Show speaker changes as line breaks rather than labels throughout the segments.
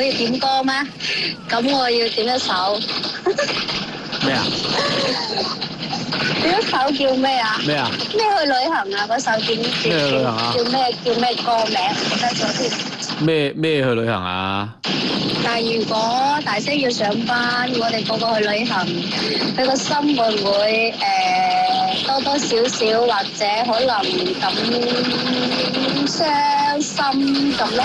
可以點歌咩？咁我要點一首咩啊？點一首叫咩啊？咩啊？咩去旅行啊？嗰首叫叫咩？叫咩歌名？唔記得咗
添。咩咩去旅行啊？
但係如果大聲要上班，我哋個個去旅行，佢個心會唔會誒多多少少或者可能咁傷心咁咯？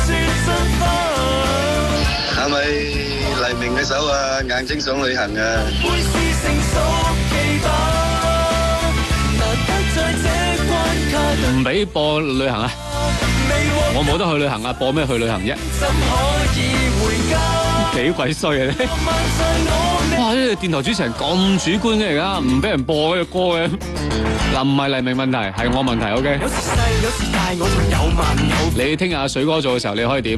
手啊，眼睛
想旅行啊！唔俾播旅行啊！我冇得去旅行啊！播咩去旅行
啫？
幾鬼衰啊你！哇！呢個電台主持人咁主觀嘅而家，唔俾人播呢個歌嘅。嗱，唔係黎明問題，係我問題。O K。有時細有
時大，我有問有。
你聽下阿水哥做嘅時候，你可以點？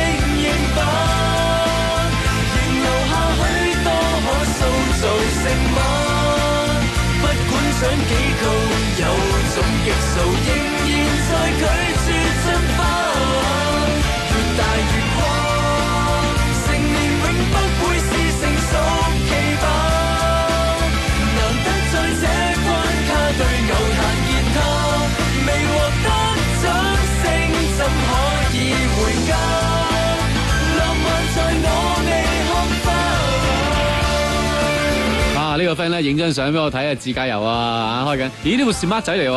friend 影張相俾我睇下，自駕遊啊，開緊。咦，呢部是孖仔嚟喎。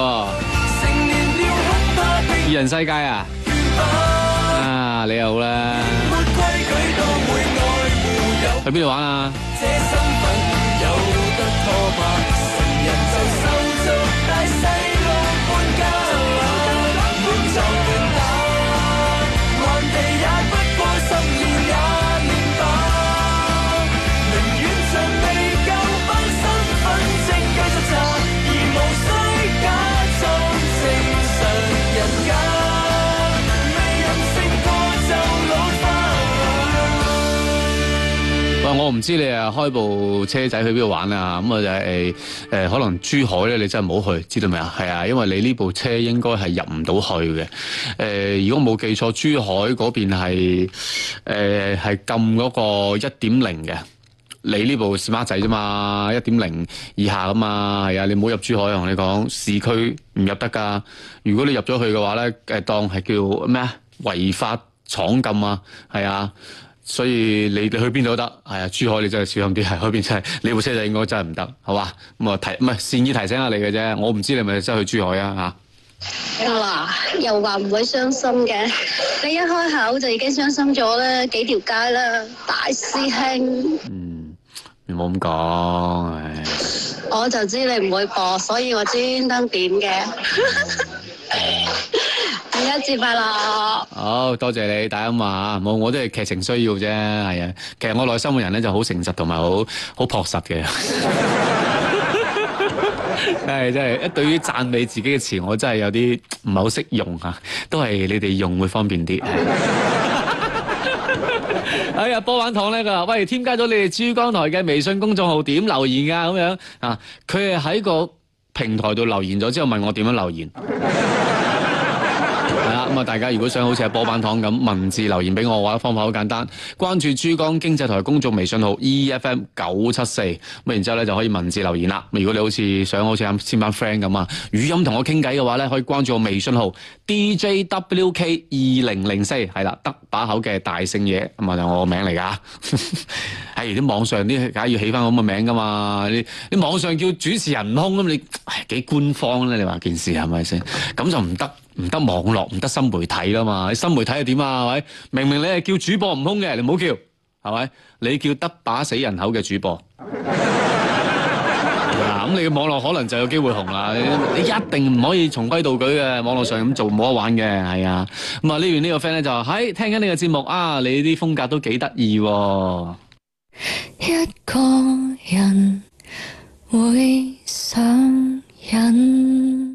二人世界啊，
啊，你又好啦，啊。去邊度玩啊？我唔知你啊開部車仔去邊度玩啊？咁、嗯、啊就係誒、欸呃，可能珠海咧，你真係唔好去，知道未啊？係啊，因為你呢部車應該係入唔到去嘅。誒、呃，如果冇記錯，珠海嗰邊係誒係禁嗰個一點零嘅，你呢部 smart 仔啫嘛，一點零以下噶嘛，係啊，你唔好入珠海，同你講市區唔入得噶。如果你入咗去嘅話咧，誒當係叫咩啊？違法闖禁啊，係啊。所以你哋去邊度都得，係啊，珠海你真係小心啲，係嗰邊真係你部車仔應該真係唔得，好嘛？咁啊提唔係善意提醒下你嘅啫，我唔知你咪真係去珠海啊嚇。
嗱，又話唔會傷心嘅，你一開口就已經傷心咗啦，幾條街啦，大師兄
麼說。嗯，你冇咁講。
我就知你唔會播，所以我專登點嘅。感
恩節快樂！好多謝，謝你大音話啊，冇，我都係劇情需要啫，係啊。其實我內心嘅人咧就好誠實同埋好好樸實嘅。係真係一對於讚美自己嘅詞，我真係有啲唔係好識用啊，都係你哋用會方便啲。 哎呀，波板糖咧佢話：，喂，添加咗你哋珠江台嘅微信公眾號點留言㗎？咁樣啊，佢係喺個平台度留言咗之後問我點樣留言。.咁啊！大家如果想好似喺波板糖咁文字留言俾我嘅話，方法好簡單，關注珠江經濟台公眾微信號 E F M 九七四，咁然之後咧就可以文字留言啦。如果你好似想好似啱先班 friend 咁啊，語音同我傾偈嘅話咧，可以關注我微信號 D J W K 二零零四，係啦，得把口嘅大聲嘢咁啊，就係，我名嚟噶、 哎。唉，啲網上啲梗要起翻咁嘅名噶嘛你？你網上叫主持人空咁，你幾官方咧？你話件事係咪先？咁就唔得。唔得網絡，唔得新媒體啦嘛，你新媒體係點啊？係咪？明明你係叫主播唔紅嘅，你唔好叫，係咪？你叫得把死人口嘅主播。嗱，咁你嘅網絡可能就有機會紅啦。你一定唔可以循規蹈矩嘅，網絡上咁做冇得玩嘅，係啊。咁啊，呢邊呢個 friend 咧就話，喺聽緊呢個節目啊，你啲風格都幾得意。一
個人會上癮。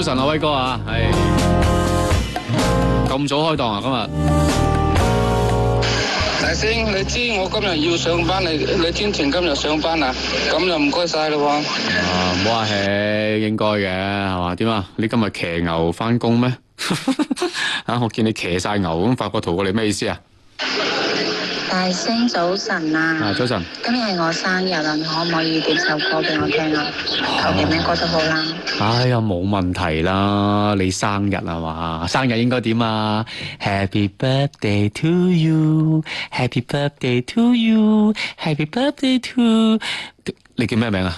早晨啊，威哥啊，係咁早開檔啊，今日大星，你知我今日要上班，你你
天晴今日上班啊，咁就
唔該晒咯喎。啊，冇話客氣，應該嘅係嘛？點啊？你今日騎牛翻工咩？啊，我見你騎晒牛咁發個圖過你，咩意思啊？
大聲早晨啊！啊，早晨！今日係我生日啦，你
可唔可以點首歌俾我聽啊？求其名歌都好啦。哎呀，冇問題啦，你生日啊嘛？生日應該點啊？Happy birthday to you, happy birthday to you, happy birthday to 你叫咩名啊？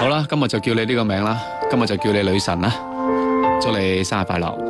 好啦，今日就叫你呢個名啦，今日就叫你女神啦，祝你生日快樂！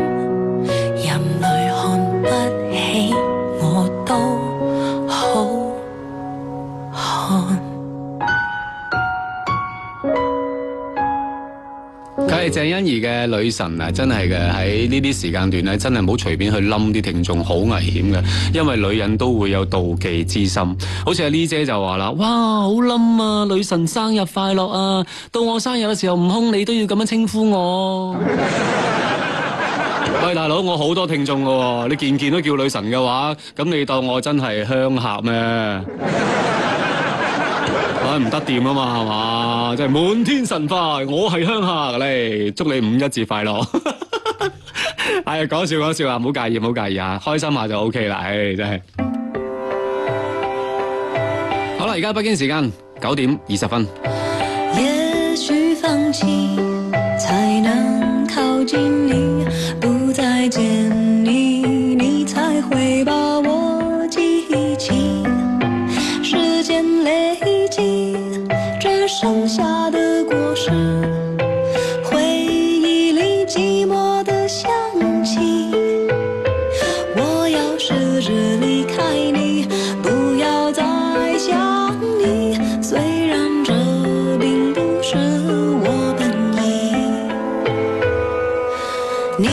係鄭欣宜嘅女神啊，真係嘅喺呢啲時間段咧，真係唔好隨便去冧啲聽眾，好危險嘅。因為女人都會有妒忌之心，好似阿 Li 姐就話啦，哇，好冧啊！女神生日快樂啊！到我生日嘅時候，唔空你都要咁樣稱呼我。喂，大佬，我好多聽眾噶喎，你件件都叫女神嘅話，咁你當我真係鄉下咩？唔得掂啊嘛，係嘛，真係滿天神花，我係鄉下嚟，祝你五一節快樂。係 啊，講笑講笑啊，唔好介意唔好介意吓，開心下就 OK 啦。唉，真係。好啦，而家北京時間九點二十分。
也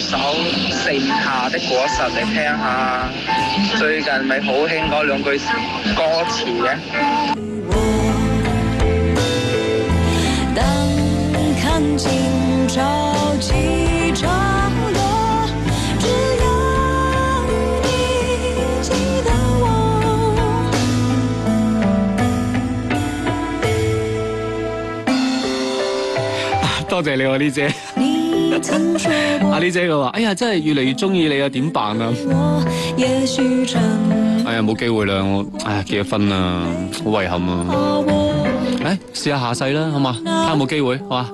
一首盛夏的果實嚟聽下，最近咪好興嗰兩句歌詞
嘅。多謝
你哦，呢隻。阿麗姐佢話：哎呀，真係越嚟越中意你啊，點辦啊？
哎，
哎呀，冇機會啦，我哎呀結咗婚啦，好遺憾啊！哎，試下下世啦，好嘛？睇下有冇機會，好嘛？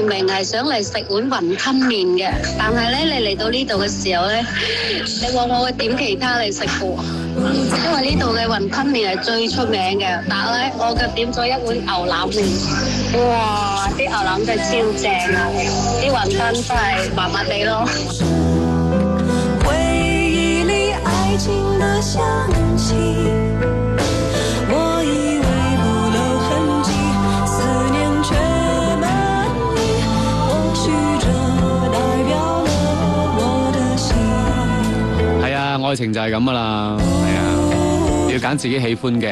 明明係想嚟食碗雲吞麵嘅，但係咧你嚟到呢度嘅時候咧，你話我會點其他嚟食嘅，因為呢度嘅雲吞麵係最出名嘅。但係咧，我就點咗一碗牛腩麵，哇，啲牛腩真係超正啊！啲雲吞真係麻麻地咯。
愛情就係咁噶啦，係啊，要揀自己喜歡嘅。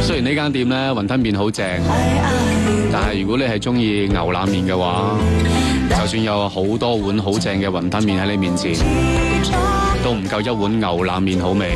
雖然呢間店咧雲吞麵好正，但係如果你係中意牛腩麵嘅話，就算有好多碗好正嘅雲吞麵喺你面前，都唔夠一碗牛腩麵好味。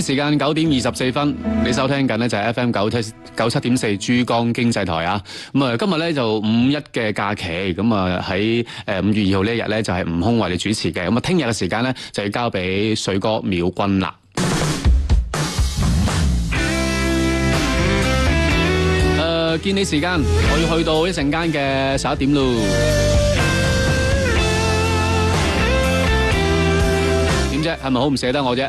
時間九點二十四分，你收聽緊咧就係 FM 九七九七點四珠江經濟台啊！咁啊今日咧就五一嘅假期，咁啊喺誒五月二號呢一日咧就係吳空為你主持嘅，咁啊聽日嘅時間咧就要交俾水哥淼君啦。誒，見你時間我要去到一陣間嘅十一點咯。點啫？係咪好唔捨得我啫？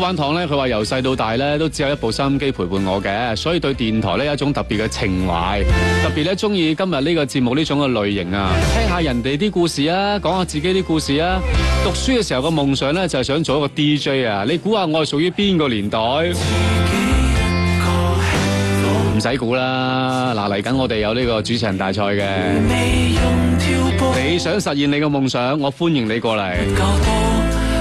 玩堂咧，佢話由細到大咧都只有一部收音機陪伴我嘅，所以對電台咧有一種特別嘅情懷，特別咧中意今日呢個節目呢種嘅類型啊，聽下人哋啲故事啊，講下自己啲故事啊。讀書嘅時候個夢想咧就係想做一個 DJ 啊，你估下我係屬於邊個年代？唔使估啦，嗱嚟緊我哋有呢個主持人大賽嘅，你想實現你嘅夢想，我歡迎你過嚟。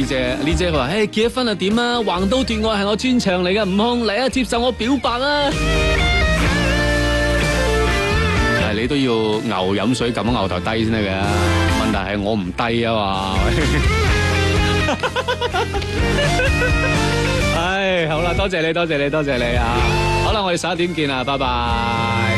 呢姐，姐，李姐佢話，誒，結咗婚啊點啊？橫刀奪愛係我專長嚟噶，悟空嚟啊，接受我表白啊。但係你都要牛飲水，撳牛頭低先得嘅。問題係我唔低啊嘛。唉，好啦，多謝，謝你，多謝，謝你，多謝，謝你啊！好啦，我哋十一點見啦，拜拜。